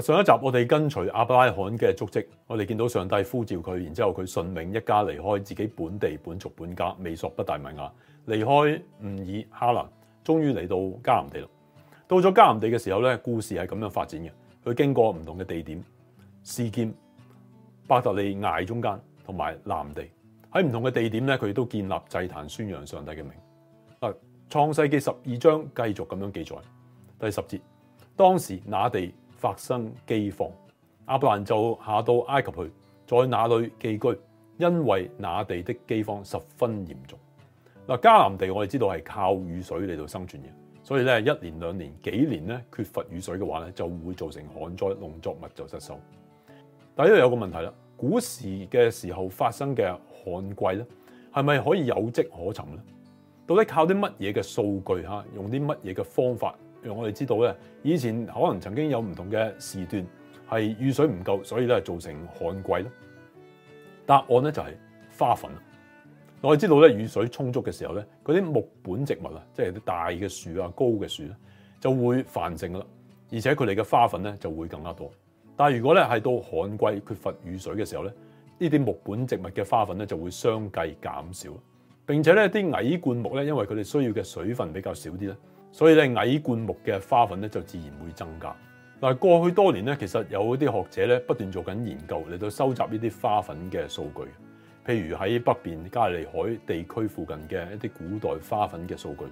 上一集我哋跟隨亞伯拉罕嘅足跡，我哋見到上帝呼召佢，然之後佢順命一家離開自己本地、本族、本家，美索不達米亞，離開吾爾哈蘭，終於嚟到迦南地啦。到咗迦南地嘅時候咧，故事係咁樣發展嘅。佢經過唔同嘅地點示劍，伯特利艾中間同埋南地，喺唔同嘅地點咧，佢都建立祭壇宣揚上帝嘅名。啊，創世記十二章繼續咁樣記載第十節，當時那地。發生饑荒，亞伯蘭就下到埃及去，在那裏寄居，因為那地的饑荒十分嚴重。嗱，迦南地我哋知道係靠雨水嚟到生存嘅，所以咧一年兩年幾年咧缺乏雨水嘅話咧，就會造成旱災，農作物就失收。但呢度有個問題啦，古時嘅時候發生嘅旱季咧，係咪可以有跡可尋咧？到底靠啲乜嘢嘅數據吓，用啲乜嘢嘅方法？我哋知道咧，以前可能曾經有唔同嘅時段係雨水唔夠，所以咧造成旱季咯。答案咧就係花粉。我哋知道咧，雨水充足嘅時候咧，嗰啲木本植物啊，即係啲大嘅樹啊、高嘅樹咧，就會繁盛啦，而且佢哋嘅花粉咧就會更加多。但係如果咧係到旱季缺乏雨水嘅時候咧，呢啲木本植物嘅花粉咧就會相繼減少，並且咧啲矮灌木咧，因為佢哋需要嘅水分比較少啲咧。所以咧，矮灌木嘅花粉咧就自然會增加。嗱，過去多年咧，其實有啲學者咧不斷做緊研究嚟到收集呢啲花粉嘅數據，譬如喺北邊加利，利海地區附近嘅一啲古代花粉嘅數據，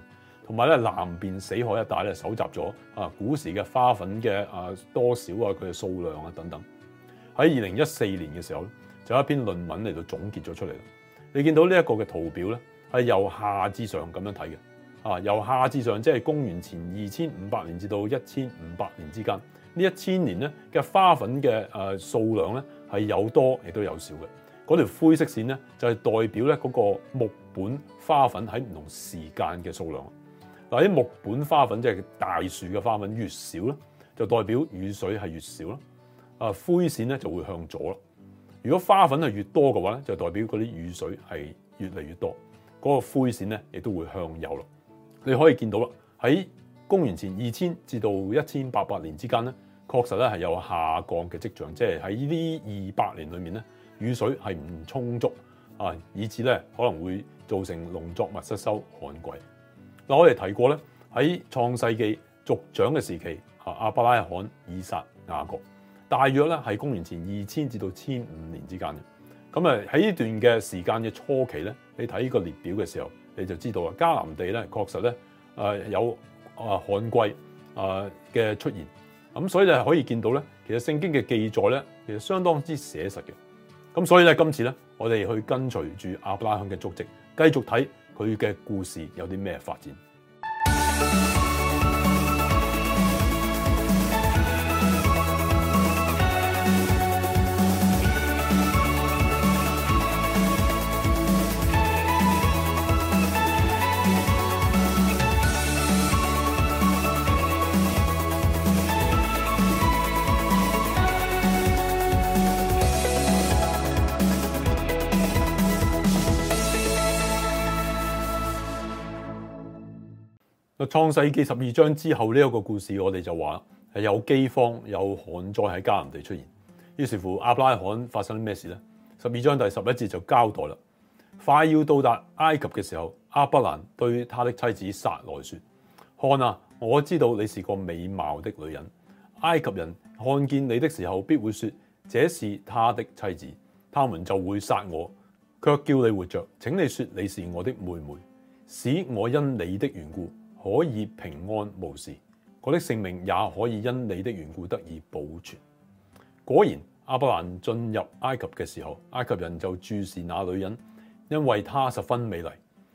同埋咧南邊死海一帶咧收集咗啊古時嘅花粉嘅啊多少啊佢嘅數量啊等等。喺二零一四年嘅時候，就有一篇論文嚟到總結咗出嚟。你見到呢一個嘅圖表咧，係由下至上咁樣睇嘅。啊，由下至上即係公元前二千五百年至到一千五百年之間，這呢一千年咧嘅花粉嘅誒數量咧係有多亦都有少嘅。嗰條灰色線咧就係、是、代表咧嗰、那個木本花粉喺唔同時間嘅數量。嗱，啲木本花粉即係、就是、大樹嘅花粉，越少咧就代表雨水係越少啦。啊，灰線咧就會向左啦。如果花粉係越多嘅話咧，就代表嗰啲雨水係越嚟越多，嗰、那個灰線咧亦都會向右咯。你可以見到啦，喺公元前二千至到一千八百年之間咧，確實咧係有下降嘅跡象，即係喺呢二百年裏面咧，雨水係唔充足啊，以致咧可能會造成農作物失收貴、旱季。嗱，我哋提過咧，喺創世紀族長嘅時期，亞伯拉罕以撒、雅各，大約咧係公元前二千至到千五年之間嘅。咁啊喺呢段嘅時間嘅初期咧，你睇呢個列表嘅時候，你就知道啊，迦南地咧確實咧，誒有誒旱季誒嘅出現。咁所以你係可以見到咧，其實聖經嘅記載咧，其實相當之寫實嘅。咁所以咧今次咧，我哋去跟隨住亞伯拉罕嘅足跡，繼續睇佢嘅故事有啲咩發展？創世記十二章之後呢一個故事，我哋就話係有饑荒，有旱災喺迦南地出現。於是乎，亞伯拉罕發生咩事呢？十二章第十一節就交代啦。快要到達埃及嘅時候，亞伯蘭對他的妻子撒萊説：看啊，我知道你係個美貌的女人。埃及人看見你的時候，必會説這是他的妻子，他們就會殺我，卻叫你活着。請你說你是我的妹妹，使我因你的緣故，可以平安無事，佢的性命也可以因你的緣故得以保存。果然，亞伯蘭進入埃及嘅時候，埃及人就注視那女人，因為她十分美麗。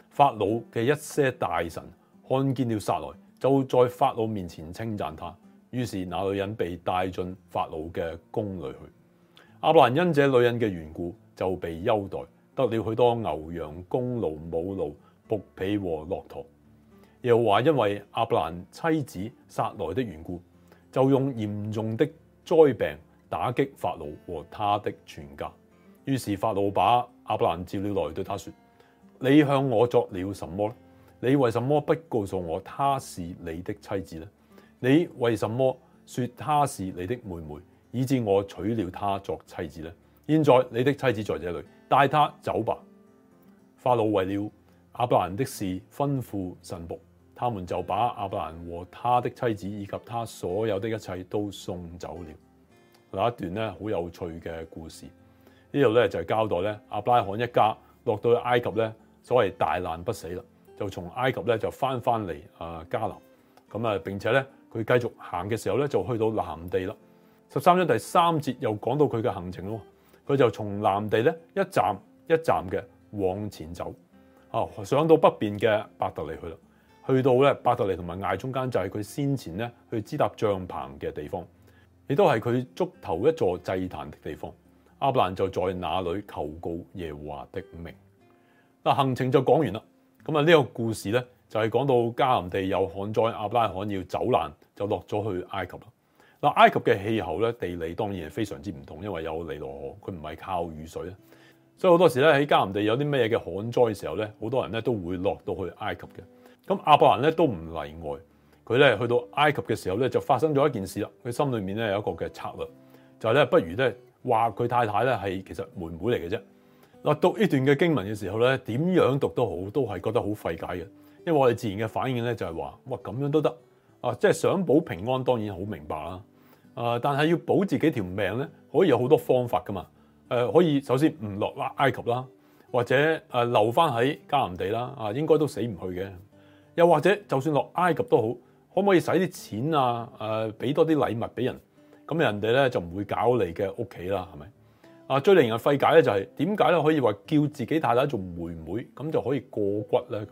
法老嘅一些大臣看見了撒萊，就在法老面前稱讚他。於是那女人被帶進法老嘅宮裏去。亞伯蘭因這女人嘅緣故就被優待，得了許多牛羊、公驢、母驢、僕婢和駱駝。又話因為阿伯蘭妻子撒內的緣故，就用嚴重的災病打擊法老和他的全家。於是法老把阿伯蘭召了來，對他說：你向我作了什麼呢？你為什麼不告訴我她是你的妻子呢？你為什麼說她是你的妹妹，以至我娶了她作妻子呢？現在你的妻子在這裡，帶她走吧。法老為了阿伯蘭的事吩咐神僕。他們就把亞伯蘭和他的妻子以及他所有的一切都送走了。有一段咧好有趣嘅故事。呢度咧就是交代咧，亞伯拉罕一家落到埃及咧，所謂大難不死啦，就從埃及咧就翻翻嚟啊迦南。咁啊，並且咧佢繼續行嘅時候咧就去到南地啦。十三章第三節又講到佢嘅行程咯。佢就從南地咧一站一站嘅往前走，啊上到北邊嘅伯特利去啦。去到咧伯特利同埋艾中間，就係佢先前咧去支搭帳棚嘅地方。亦都係佢築頭一座祭壇的地方。亞伯蘭就在那裏求告耶和華的名。嗱，行程就講完啦。咁啊，呢個故事咧就係講到迦南地有旱災，亞伯拉罕要走難，就落咗去埃及啦。嗱，埃及嘅氣候咧、地理當然係非常之唔同，因為有尼羅河，佢唔係靠雨水咧，所以好多時咧喺迦南地有啲咩嘢嘅旱災嘅時候咧，好多人咧都會落到去埃及嘅。咁亞伯蘭咧都唔例外，佢咧去到埃及嘅時候咧就發生咗一件事啦。佢心裏面咧有一個嘅策略，就係、是、咧不如咧話佢太太咧係其實妹妹嚟嘅啫。嗱，讀呢段嘅經文嘅時候咧，點樣讀都好，都係覺得好費解嘅。因為我哋自然嘅反應咧就係話，哇咁樣都得啊！即係想保平安，當然好明白啦。啊，但係要保自己條命咧，可以有好多方法㗎嘛。可以首先唔落埃及啦，或者留返喺迦南地啦。啊，應該都死唔去嘅。又或者就算落埃及都好，可唔可以使啲錢啊？誒，俾多啲禮物俾人，咁人哋咧就唔會搞你嘅屋企啦，係咪？啊，最令人費解咧就係點解咧可以話叫自己太太做妹妹，咁就可以過骨咧咁？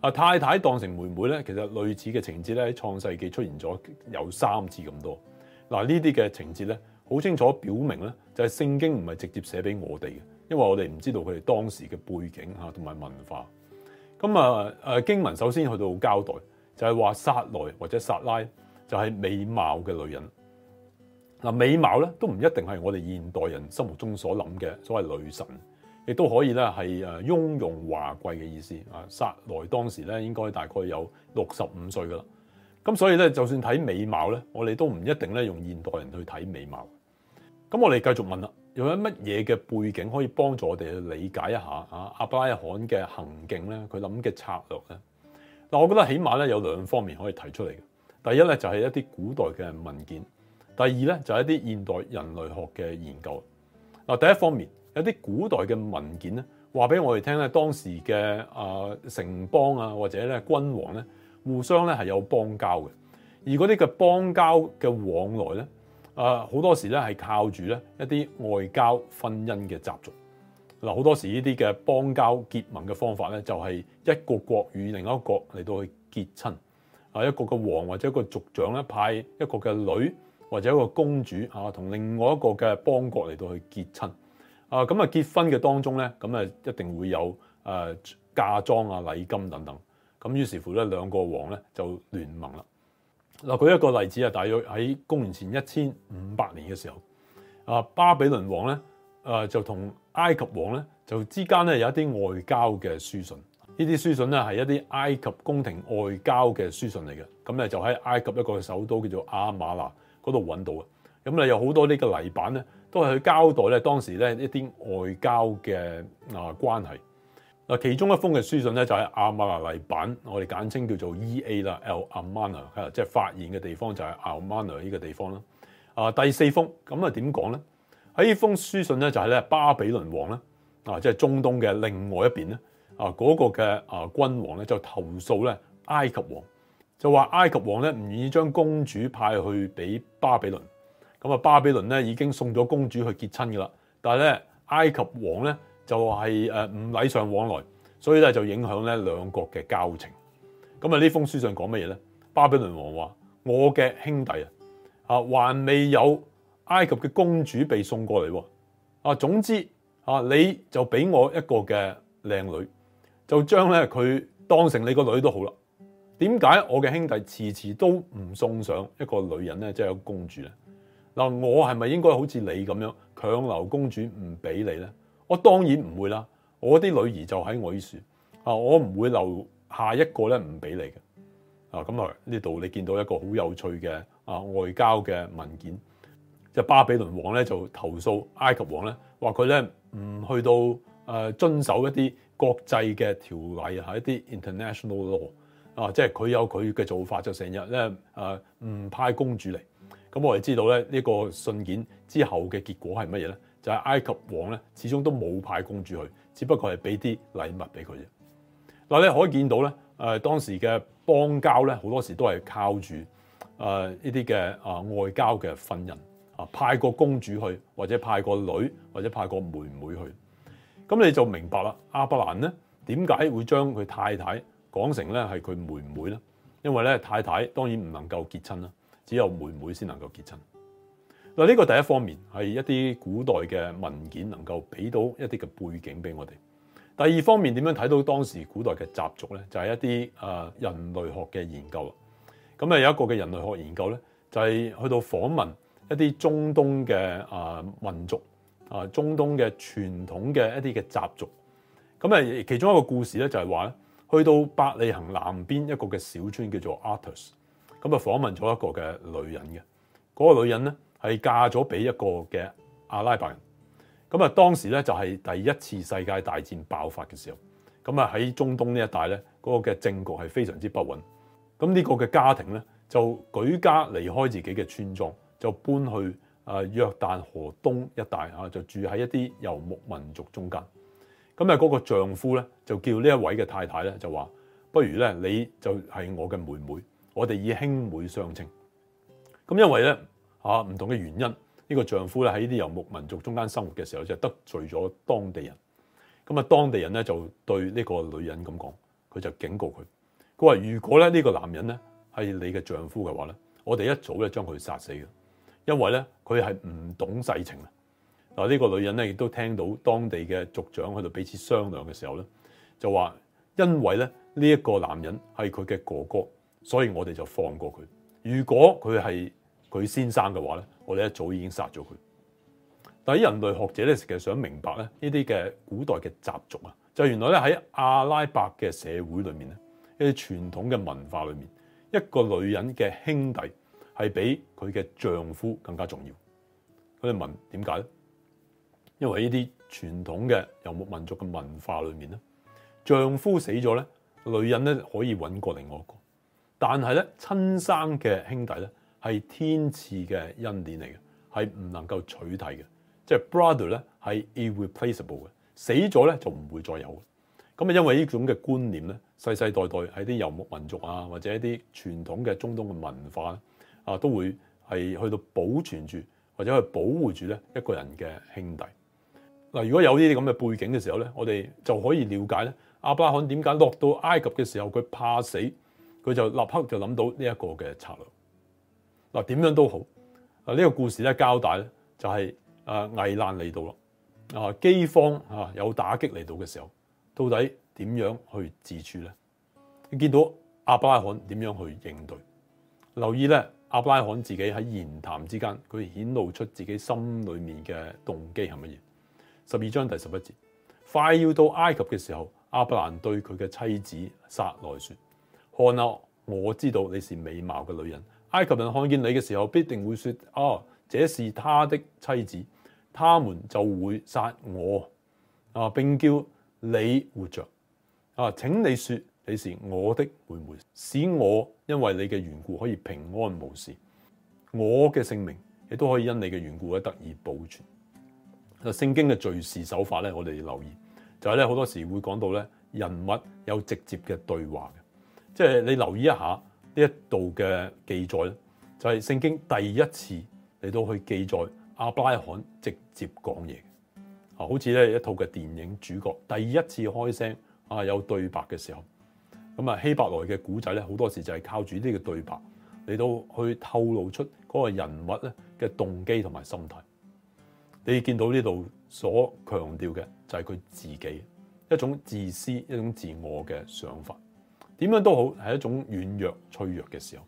啊，太太當成妹妹咧，其實類似嘅情節咧喺創世記出現咗有三次咁多。嗱，呢啲嘅情節咧，好清楚表明咧，就係聖經唔係直接寫俾我哋嘅，因為我哋唔知道佢哋當時嘅背景嚇同埋文化。咁啊，誒經文首先去到交代，就係話撒萊或者撒拉就係美貌嘅女人。嗱，美貌咧都唔一定係我哋現代人心目中所諗嘅所謂女神，亦都可以咧係誒，雍容華貴嘅意思。啊，撒萊當時咧應該大概有六十五歲噶啦，咁所以咧就算睇美貌咧，我哋都唔一定咧用現代人去睇美貌。咁我哋繼續問啦。有乜嘢嘅背景可以幫助我哋去理解一下啊？亞伯拉罕嘅行徑咧，佢諗嘅策略咧，嗱，我覺得起碼咧有兩方面可以提出嚟。第一咧就係一啲古代嘅文件，第二咧就係一啲現代人類學嘅研究。嗱，第一方面有啲古代嘅文件咧，話俾我哋聽咧，當時嘅啊城邦啊或者咧君王咧，互相咧係有邦交嘅，而嗰啲嘅邦交嘅往來咧。啊，好多時咧係靠住咧一啲外交婚姻嘅習俗，嗱，好多時呢啲嘅邦交結盟嘅方法咧就係一個國與另一個國嚟到去結親，啊一個嘅王或者一個族長咧派一個嘅女或者一個公主啊同另外一個嘅邦國嚟到去結親，啊咁啊結婚嘅當中咧咁啊一定會有誒嫁妝啊禮金等等，咁於是乎咧兩個王咧就聯盟啦。嗱，舉一個例子啊，大約喺公元前一千五百年嘅時候，啊巴比倫王咧，啊就同埃及王咧，就之間咧有一啲外交嘅書信。呢啲書信咧係一啲埃及宮廷外交嘅書信嚟嘅，咁咧就喺埃及一個首都叫做阿瑪納嗰度揾到嘅。咁咧有好多呢個泥板咧，都係去交代咧當時咧一啲外交嘅啊關係。嗱，其中一封嘅書信咧就係阿瑪拿利版，我哋簡稱叫做 E.A. 啦，El Amarna，嚇，即係發現嘅地方就係 Amarna 呢個地方啦。啊，第四封咁啊點講咧？喺呢這封書信咧就係咧巴比倫王咧，啊，即係中東嘅另外一邊咧，啊、那、嗰個嘅啊君王咧就投訴咧埃及王，就話埃及王咧唔願意將公主派去俾巴比倫，咁啊巴比倫咧已經送咗公主去結親噶啦，但係咧埃及王咧。就係唔禮尚往來，所以咧就影響咧兩國嘅交情。咁啊，呢封書上講乜嘢咧？巴比倫王話：我嘅兄弟啊，啊還未有埃及嘅公主被送過嚟喎。啊，總之啊，你就俾我一個嘅靚女，就將咧佢當成你個女都好啦。點解我嘅兄弟遲遲都唔送上一個女人咧？即係公主咧？嗱，我係咪應該好似你咁樣強留公主唔俾你咧？我當然唔會啦，我啲女兒就喺我依樹啊，我唔會留下一個咧唔俾你嘅啊。咁啊，呢度你見到一個好有趣嘅啊外交嘅文件，即係巴比倫王咧就投訴埃及王咧，話佢咧唔去到誒遵守一啲國際嘅條例啊，一啲 international law 啊，即係佢有佢嘅做法，就成日咧誒唔派公主嚟。咁我哋知道咧呢個信件之後嘅結果係乜嘢咧？就係埃及王咧，始終都冇派公主去，只不過係俾啲禮物俾佢啫。嗱，你可以見到咧，誒當時嘅邦交咧，好多時都係靠住誒呢啲嘅外交嘅婚姻啊，派個公主去，或者派個女，或者派個妹妹去。咁你就明白啦，亞伯蘭咧點解會將佢太太講成咧係佢妹妹咧？因為咧太太當然唔能夠結親啦，只有妹妹先能夠結親。嗱，呢個第一方面係一啲古代嘅文件能夠俾到一啲嘅背景俾我哋。第二方面點樣睇到當時古代嘅習俗咧，就係、是、一啲啊、呃、人類學嘅研究啦。咁啊有一個嘅人類學研究咧，就係、是、去到訪問一啲中東嘅啊、呃、民族啊，中東嘅傳統嘅一啲嘅習俗。咁啊，其中一個故事咧就係話咧，去到伯利恆南邊一個嘅小村叫做 Artus，咁啊訪問咗一個嘅女人嘅嗰、那個女人咧。係嫁咗俾一個嘅阿拉伯人咁啊。當時咧就係第一次世界大戰爆發嘅時候，咁啊喺中東呢一帶咧嗰個嘅政局係非常之不穩。咁呢個嘅家庭咧就舉家離開自己嘅村莊，就搬去啊約旦河東一帶啊，就住喺一啲遊牧民族中間。咁啊，嗰個丈夫咧就叫呢一位嘅太太咧就話：不如咧你就係我嘅妹妹，我哋以兄妹相稱。咁因為咧。啊唔同嘅原因，呢個丈夫咧喺呢啲遊牧民族中間生活嘅時候就得罪咗當地人，咁啊當地人咧就對呢個女人咁講，佢就警告佢，佢話如果咧呢個男人咧係你嘅丈夫嘅話咧，我哋一早咧將佢殺死嘅，因為咧佢係唔懂世情啊。嗱呢個女人咧亦都聽到當地嘅族長喺度彼此商量嘅時候咧，就話因為咧呢一個男人係佢嘅哥哥，所以我哋就放過佢。如果佢係佢先生嘅話咧，我哋一早已經殺咗佢。但係人類學者咧，其實想明白咧呢啲嘅古代嘅習俗啊，就原來咧喺阿拉伯嘅社會裏面咧，一啲傳統嘅文化裏面，一個女人嘅兄弟係比佢嘅丈夫更加重要。佢哋問點解咧？因為喺呢啲傳統嘅游牧民族嘅文化裏面咧，丈夫死咗咧，女人咧可以揾過另外一個，但係咧親生嘅兄弟咧，係天賜嘅恩典嚟嘅，係唔能夠取締嘅，即係 brother 咧係 irreplaceable 嘅，死咗咧就唔會再有。咁啊，因為呢種嘅觀念咧，世世代代喺啲游牧民族啊，或者一啲傳統嘅中東嘅文化咧啊，都會係去到保存住或者去保護住咧一個人嘅兄弟嗱。如果有呢啲咁嘅背景嘅時候咧，我哋就可以了解咧，阿巴罕點解落到埃及嘅時候佢怕死，佢就立刻就諗到呢一個嘅策略。嗱，點樣都好啊！呢、這個故事咧，交代咧就係誒危難嚟到咯。啊，饑荒啊，有打擊嚟到嘅時候，到底點樣去自處咧？你見到亞伯拉罕點樣去應對？留意咧，亞伯拉罕自己喺言談之間，佢顯露出自己心裏面嘅動機係乜嘢？十二章第十一節，快要到埃及嘅時候，亞伯蘭對佢嘅妻子撒萊説：看歐，我知道你是美貌嘅女人。埃及人看見你嘅時候必定會說，啊，這是他的妻子，他們就會殺我啊！並叫你活着啊！請你說你是我的妹妹，使我因為你嘅緣故可以平安無事，我嘅性命亦都可以因你嘅緣故得以保存。聖經嘅敘事手法咧，我哋要留意就係咧，好多時會講到咧人物有直接嘅對話，即係你留意一下。呢一度嘅記載咧，就係聖經第一次嚟到去記載亞伯拉罕直接講嘢啊，好似咧一套嘅電影主角第一次開聲啊，有對白嘅時候，咁啊希伯來嘅古仔咧好多時就係靠住呢個對白嚟到去透露出嗰個人物咧嘅動機同埋心態。你見到呢度所強調嘅就係佢自己一種自私、一種自我嘅想法。點樣都好，係一種軟弱、脆弱嘅時候。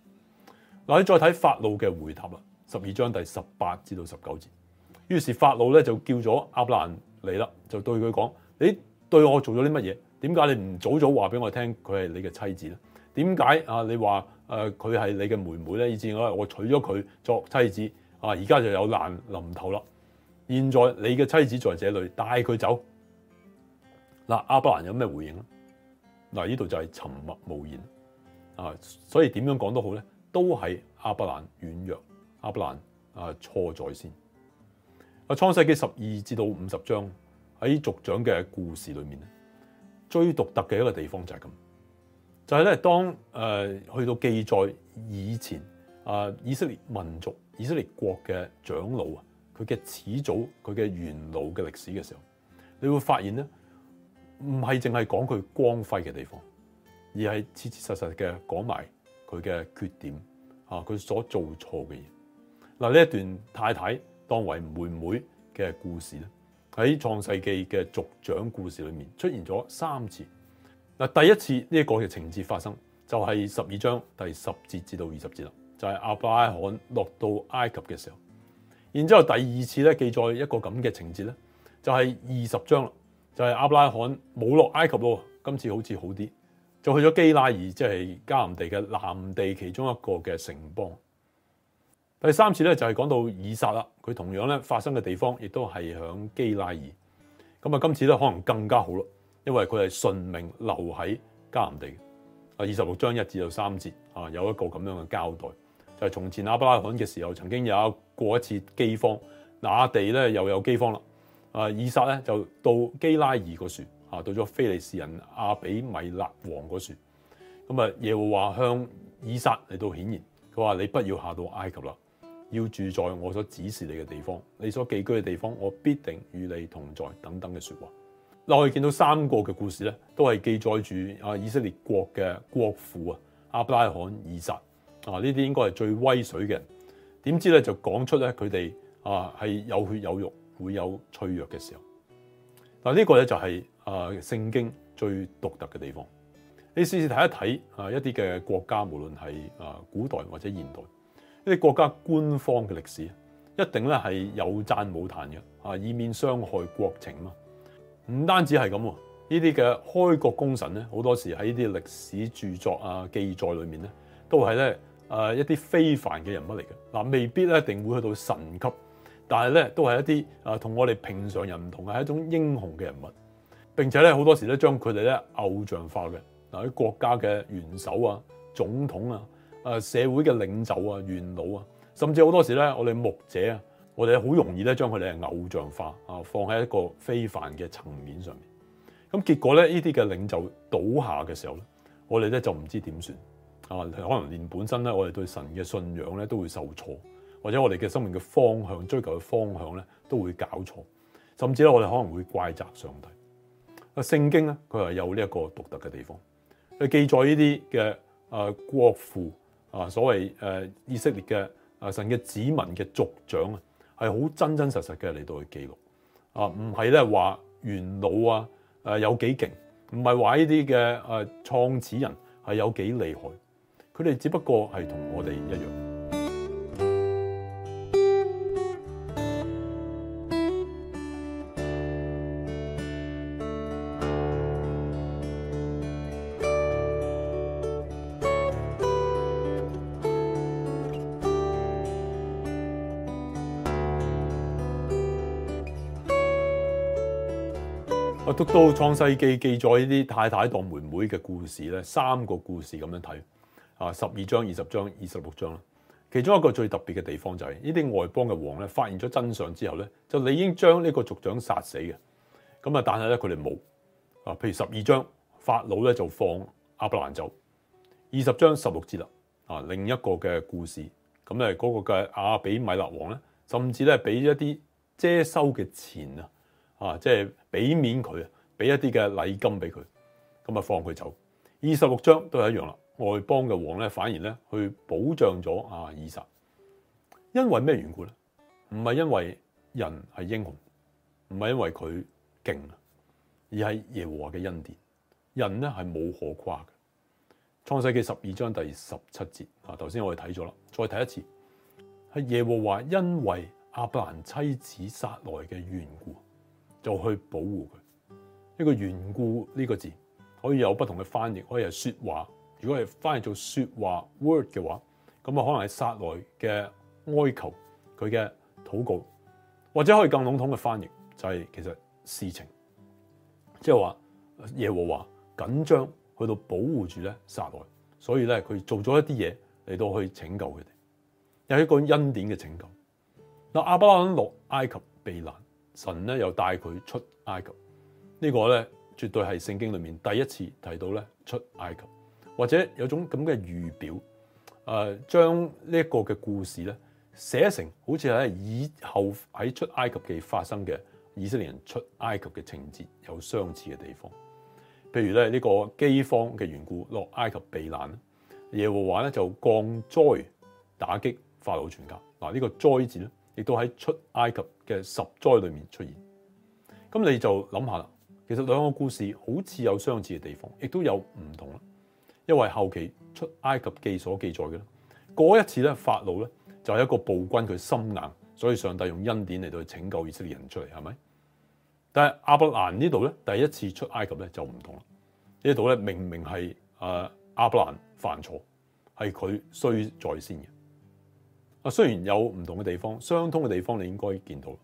嗱，你再睇法老嘅回答啦，十二章第十八至到十九節。於是法老咧就叫咗亞伯蘭嚟啦，就對佢講：你對我做咗啲乜嘢？點解你唔早早話俾我聽佢係你嘅妻子咧？點解啊？你話誒佢係你嘅妹妹咧？以致我我娶咗佢作妻子，啊，而家就有難臨頭啦。現在你嘅妻子在這裏，帶佢走。嗱，亞伯蘭有咩回應咧？嗱，呢度就係沉默無言啊！所以點樣講都好咧，都係亞伯蘭軟弱，亞伯蘭啊錯在先。啊，創世記十二至到五十章喺族長嘅故事裏面咧，最獨特嘅一個地方就係咁，就係、是、咧當、呃、去到記載以前啊、呃、以色列民族、以色列國嘅長老啊，佢嘅始祖、佢嘅元老嘅歷史嘅時候，你會發現咧。唔係淨係講佢光輝嘅地方，而係切切實實嘅講埋佢嘅缺點，啊，佢所做錯嘅嘢。嗱，呢一段太太當為妹妹嘅故事咧，喺創世記嘅族長故事裏面出現咗三次。嗱，第一次呢一個嘅情節發生就係十二章第十節至到二十節啦，就係亞伯拉罕落到埃及嘅時候。然之後第二次咧記載一個咁嘅情節咧，就係二十章啦。就係亞伯拉罕冇落埃及咯，今次好似好啲，就去咗基拉爾，即係迦南地嘅南地其中一個嘅城邦。第三次咧就係講到以撒啦，佢同樣咧發生嘅地方亦都係響基拉爾，咁啊今次咧可能更加好咯，因為佢係順命留喺迦南地。啊，二十六章一至到三節啊，有一個咁樣嘅交代，就係從前亞伯拉罕嘅時候曾經有過一次饑荒，那地咧又有饑荒啦。啊，以撒咧就到基拉耳個船，啊到咗非利士人阿比米勒王個船，咁啊耶和華向以撒嚟到，顯然佢話你不要下到埃及啦，要住在我所指示你嘅地方，你所寄居嘅地方，我必定與你同在等等嘅説話。嗱，我哋見到三個嘅故事咧，都係記載住啊以色列國嘅國父啊，亞伯拉罕、以撒啊呢啲應該係最威水嘅人，點知咧就講出咧佢哋啊係有血有肉。會有脆弱嘅時候，嗱、這、呢個咧就係啊聖經最獨特嘅地方。你試試睇一睇啊一啲嘅國家，無論係啊古代或者現代，呢啲國家官方嘅歷史一定咧係有讚冇彈嘅，啊以免傷害國情嘛。唔單止係咁喎，呢啲嘅開國功臣咧，好多時喺啲歷史著作啊記載裏面咧，都係咧啊一啲非凡嘅人物嚟嘅。嗱，未必咧一定會去到神級。但係咧，都係一啲啊，同我哋平常人唔同，係一種英雄嘅人物。並且咧，好多時咧，將佢哋咧偶像化嘅，嗱，國家嘅元首啊、總統啊、誒社會嘅領袖啊、元老啊，甚至好多時咧，我哋牧者啊，我哋好容易咧，將佢哋係偶像化啊，放喺一個非凡嘅層面上面。咁結果咧，呢啲嘅領袖倒下嘅時候咧，我哋咧就唔知點算啊，可能連本身咧，我哋對神嘅信仰咧都會受挫。或者我哋嘅生命嘅方向、追求嘅方向咧，都會搞錯，甚至咧我哋可能會怪責上帝。啊，聖經咧佢係有呢一個獨特嘅地方，佢記載呢啲嘅啊國父啊，所謂誒以色列嘅啊神嘅子民嘅族長啊，係好真真實實嘅嚟到去記錄啊，唔係咧話元老啊誒有幾勁，唔係話呢啲嘅誒創始人係有幾厲害，佢哋只不過係同我哋一樣。讀到《創世記》記載呢啲太太當妹妹嘅故事咧，三個故事咁樣睇啊，十二章、二十章、二十六章啦。其中一個最特別嘅地方就係呢啲外邦嘅王咧，發現咗真相之後咧，就理應將呢個族長殺死嘅。咁啊，但係咧佢哋冇啊，譬如十二章法老咧就放亞伯蘭走，二十章十六節啦啊，另一個嘅故事咁咧，嗰、那個嘅亞比米勒王咧，甚至咧俾一啲遮羞嘅錢啊。啊，即係俾面佢啊，俾一啲嘅禮金俾佢，咁啊放佢走。二十六章都係一樣啦。外邦嘅王咧，反而咧去保障咗以撒，因為咩緣故咧？唔係因為人係英雄，唔係因為佢勁啊，而係耶和華嘅恩典。人咧係冇可誇嘅。創世記十二章第十七節啊，頭先我哋睇咗啦，再睇一次係耶和華因為亞伯蘭妻子撒萊嘅緣故。就去保護佢，呢個緣故呢個字可以有不同嘅翻譯，可以係說話。如果係翻譯做說話 word 嘅話，咁啊可能係撒萊嘅哀求佢嘅禱告，或者可以更籠統嘅翻譯就係、是、其實事情，即係話耶和華緊張去到保護住咧撒萊，所以咧佢做咗一啲嘢嚟到去拯救佢哋，有一個恩典嘅拯救。嗱，亞伯拉罕落埃及避難。神咧又帶佢出埃及，呢、這個咧絕對係聖經裏面第一次提到咧出埃及，或者有一種咁嘅預表，誒、呃、將呢一個嘅故事咧寫成好似喺以後喺出埃及嘅發生嘅以色列人出埃及嘅情節有相似嘅地方，譬如咧呢個飢荒嘅緣故落埃及避難，耶和華咧就降災打擊法老全家，嗱、這、呢個災字咧。亦都喺出埃及嘅十災裏面出現，咁你就諗下啦。其實兩個故事好似有相似嘅地方，亦都有唔同啦。因為後期出埃及記所記載嘅咧，嗰一次咧法老咧就係一個暴君，佢心硬，所以上帝用恩典嚟到去拯救以色列人出嚟，係咪？但係亞伯蘭呢度咧，第一次出埃及咧就唔同啦。呢度咧明明係誒亞伯蘭犯錯，係佢衰在先嘅。啊，雖然有唔同嘅地方，相通嘅地方你應該見到，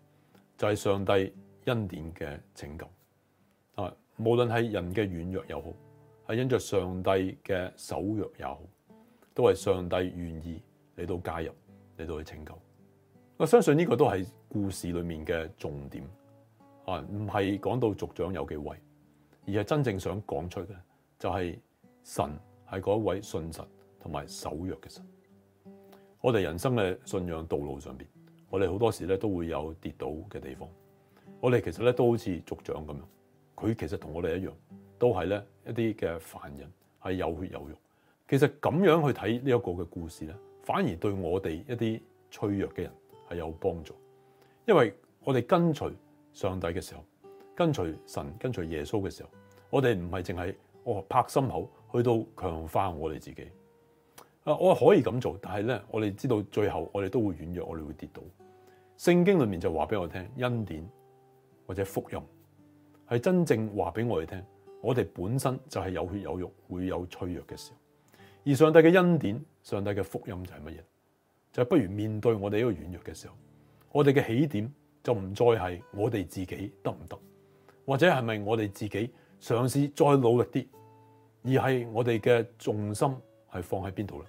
就係、是、上帝恩典嘅拯救。啊，無論係人嘅軟弱又好，係因着上帝嘅守約又好，都係上帝願意嚟到加入，嚟到去拯救。我相信呢個都係故事裏面嘅重點。啊，唔係講到族長有幾位，而係真正想講出嘅就係、是、神係嗰一位信實同埋守約嘅神。我哋人生嘅信仰道路上邊，我哋好多時咧都會有跌倒嘅地方。我哋其實咧都好似族長咁樣，佢其實同我哋一樣，都係咧一啲嘅凡人，係有血有肉。其實咁樣去睇呢一個嘅故事咧，反而對我哋一啲脆弱嘅人係有幫助，因為我哋跟隨上帝嘅時候，跟隨神、跟隨耶穌嘅時候，我哋唔係淨係哦拍心口，去到強化我哋自己。啊！我可以咁做，但係咧，我哋知道最後我哋都會軟弱，我哋會跌倒。聖經裏面就話俾我聽，恩典或者福音係真正話俾我哋聽，我哋本身就係有血有肉，會有脆弱嘅時候。而上帝嘅恩典、上帝嘅福音就係乜嘢？就係不如面對我哋呢個軟弱嘅時候，我哋嘅起點就唔再係我哋自己得唔得，或者係咪我哋自己嘗試再努力啲，而係我哋嘅重心係放喺邊度啦？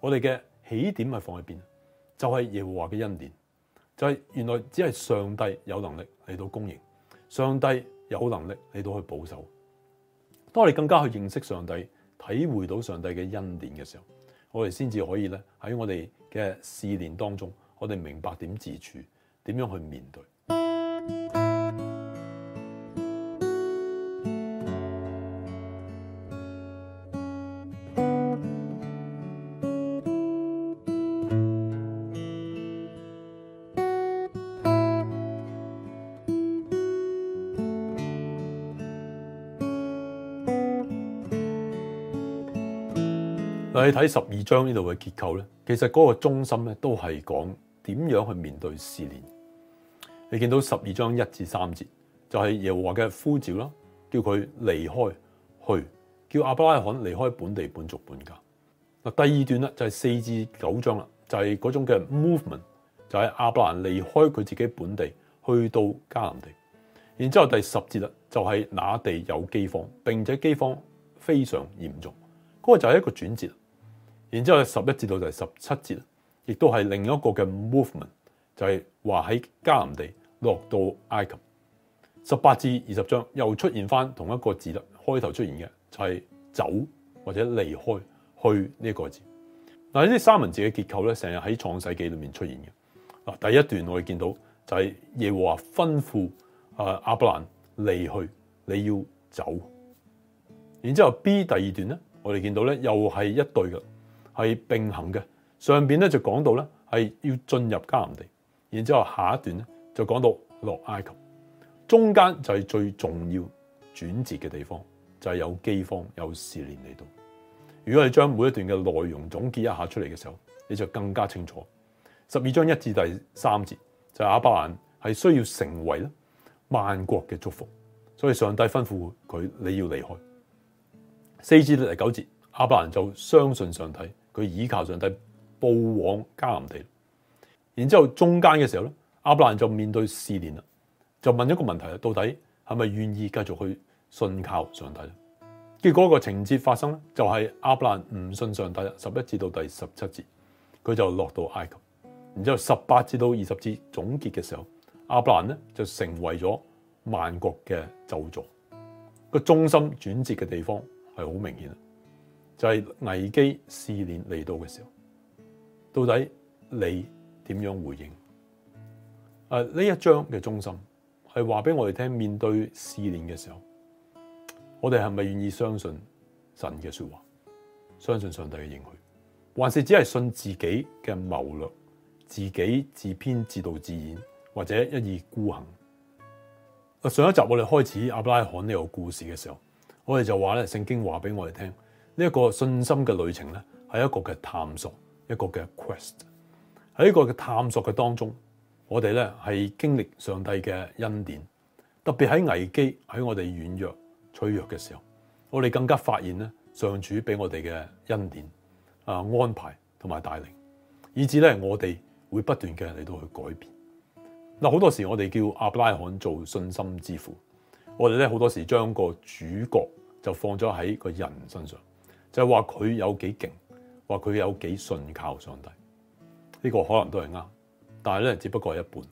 我哋嘅起點係放喺邊？就係、是、耶和華嘅恩典，就係、是、原來只係上帝有能力嚟到供應，上帝有能力嚟到去保守。當我哋更加去認識上帝，體會到上帝嘅恩典嘅時候，我哋先至可以咧喺我哋嘅試煉當中，我哋明白點自處，點樣去面對。你睇十二章呢度嘅結構咧，其實嗰個中心咧都係講點樣去面對試煉。你見到十二章一至三節就係耶和華嘅呼召啦，叫佢離開去，叫亞伯拉罕離開本地本族本家。嗱，第二段咧就係四至九章啦，就係嗰種嘅 movement，就係亞伯蘭離開佢自己本地去到迦南地。然之後第十節啦，就係那地有饑荒，並且饑荒非常嚴重。嗰個就係一個轉折。然之後十一節到就係十七節，亦都係另一個嘅 movement，就係話喺迦南地落到埃及。十八至二十章又出現翻同一個字啦，開頭出現嘅就係走或者離開去呢一個字。嗱，呢啲三文字嘅結構咧，成日喺創世記裏面出現嘅。嗱，第一段我哋見到就係耶和華吩咐亞伯蘭離去，你要走。然之後 B 第二段咧，我哋見到咧又係一對嘅。係並行嘅，上邊咧就講到咧係要進入迦南地，然之後下一段咧就講到落埃及，中間就係最重要轉折嘅地方，就係、是、有饑荒有試煉嚟到。如果你將每一段嘅內容總結一下出嚟嘅時候，你就更加清楚。十二章一至第三節就係、亞伯蘭係需要成為咧萬國嘅祝福，所以上帝吩咐佢你要離開。四至第九節，亞伯蘭就相信上帝。佢倚靠上帝步往迦南地，然之後中間嘅時候咧，亞伯蘭就面對試煉啦，就問一個問題啦，到底係咪願意繼續去信靠上帝？結果、這個情節發生咧，就係、是、亞伯蘭唔信上帝啦。十一至到第十七節，佢就落到埃及，然之後十八至到二十節總結嘅時候，亞伯蘭咧就成為咗萬國嘅祝福，個中心轉折嘅地方係好明顯的。就係危機試煉嚟到嘅時候，到底你點樣回應？誒、啊，呢一章嘅中心係話俾我哋聽，面對試煉嘅時候，我哋係咪願意相信神嘅說話，相信上帝嘅應許，還是只係信自己嘅謀略，自己自編自導自演，或者一意孤行？上一集我哋開始亞伯拉罕呢個故事嘅時候，我哋就話咧，聖經話俾我哋聽。呢一個信心嘅旅程咧，係一個嘅探索，一個嘅 quest。喺呢個嘅探索嘅當中，我哋咧係經歷上帝嘅恩典，特別喺危機喺我哋軟弱脆弱嘅時候，我哋更加發現咧上主俾我哋嘅恩典啊、安排同埋帶領，以至咧我哋會不斷嘅嚟到去改變嗱。好多時我哋叫亞伯拉罕做信心之父，我哋咧好多時將個主角就放咗喺個人身上。又話佢有幾勁，話佢有幾信靠上帝呢？呢個可能都係啱，但係咧只不過係一半，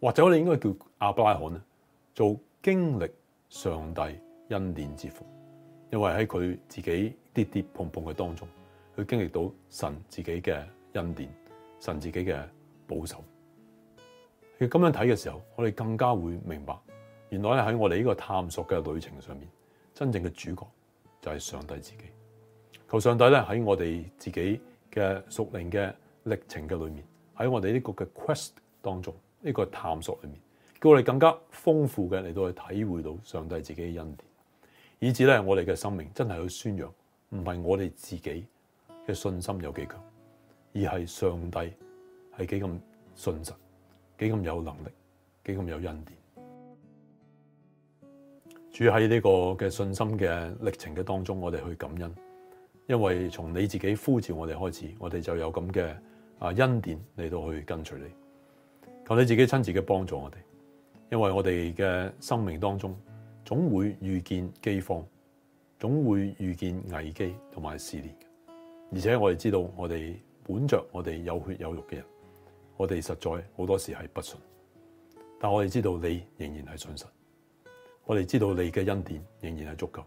或者我哋應該叫亞伯拉罕咧做經歷上帝恩典之父，因為喺佢自己跌跌碰碰嘅當中，佢經歷到神自己嘅恩典，神自己嘅保守。佢咁樣睇嘅時候，我哋更加會明白，原來喺我哋呢個探索嘅旅程上面，真正嘅主角就係上帝自己。求上帝咧喺我哋自己嘅屬靈嘅歷程嘅裏面，喺我哋呢個嘅 quest 當中，呢個探索裏面，叫我哋更加豐富嘅嚟到去體會到上帝自己嘅恩典，以至咧我哋嘅生命真係去宣揚，唔係我哋自己嘅信心有幾強，而係上帝係幾咁信實，幾咁有能力，幾咁有恩典。住喺呢個嘅信心嘅歷程嘅當中，我哋去感恩。因為從你自己呼召我哋開始，我哋就有咁嘅啊恩典嚟到去跟隨你。求你自己親自嘅幫助我哋，因為我哋嘅生命當中總會遇見饑荒，總會遇見危機同埋試煉。而且我哋知道我哋本着我哋有血有肉嘅人，我哋實在好多時係不信。但我哋知道你仍然係信實，我哋知道你嘅恩典仍然係足夠。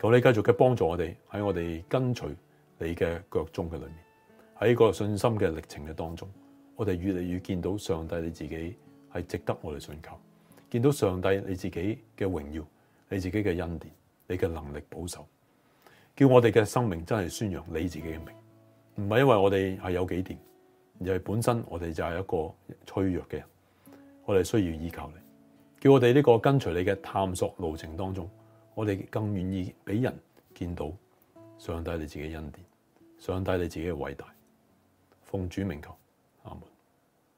求你繼續嘅幫助我哋喺我哋跟隨你嘅腳蹤嘅裏面，喺個信心嘅歷程嘅當中，我哋越嚟越見到上帝你自己係值得我哋尋求，見到上帝你自己嘅榮耀、你自己嘅恩典、你嘅能力保守，叫我哋嘅生命真係宣揚你自己嘅名，唔係因為我哋係有幾點，而係本身我哋就係一個脆弱嘅人，我哋需要依靠你，叫我哋呢個跟隨你嘅探索路程當中。我哋更願意俾人見到，上帝你自己的恩典，上帝你自己嘅偉大。奉主名求。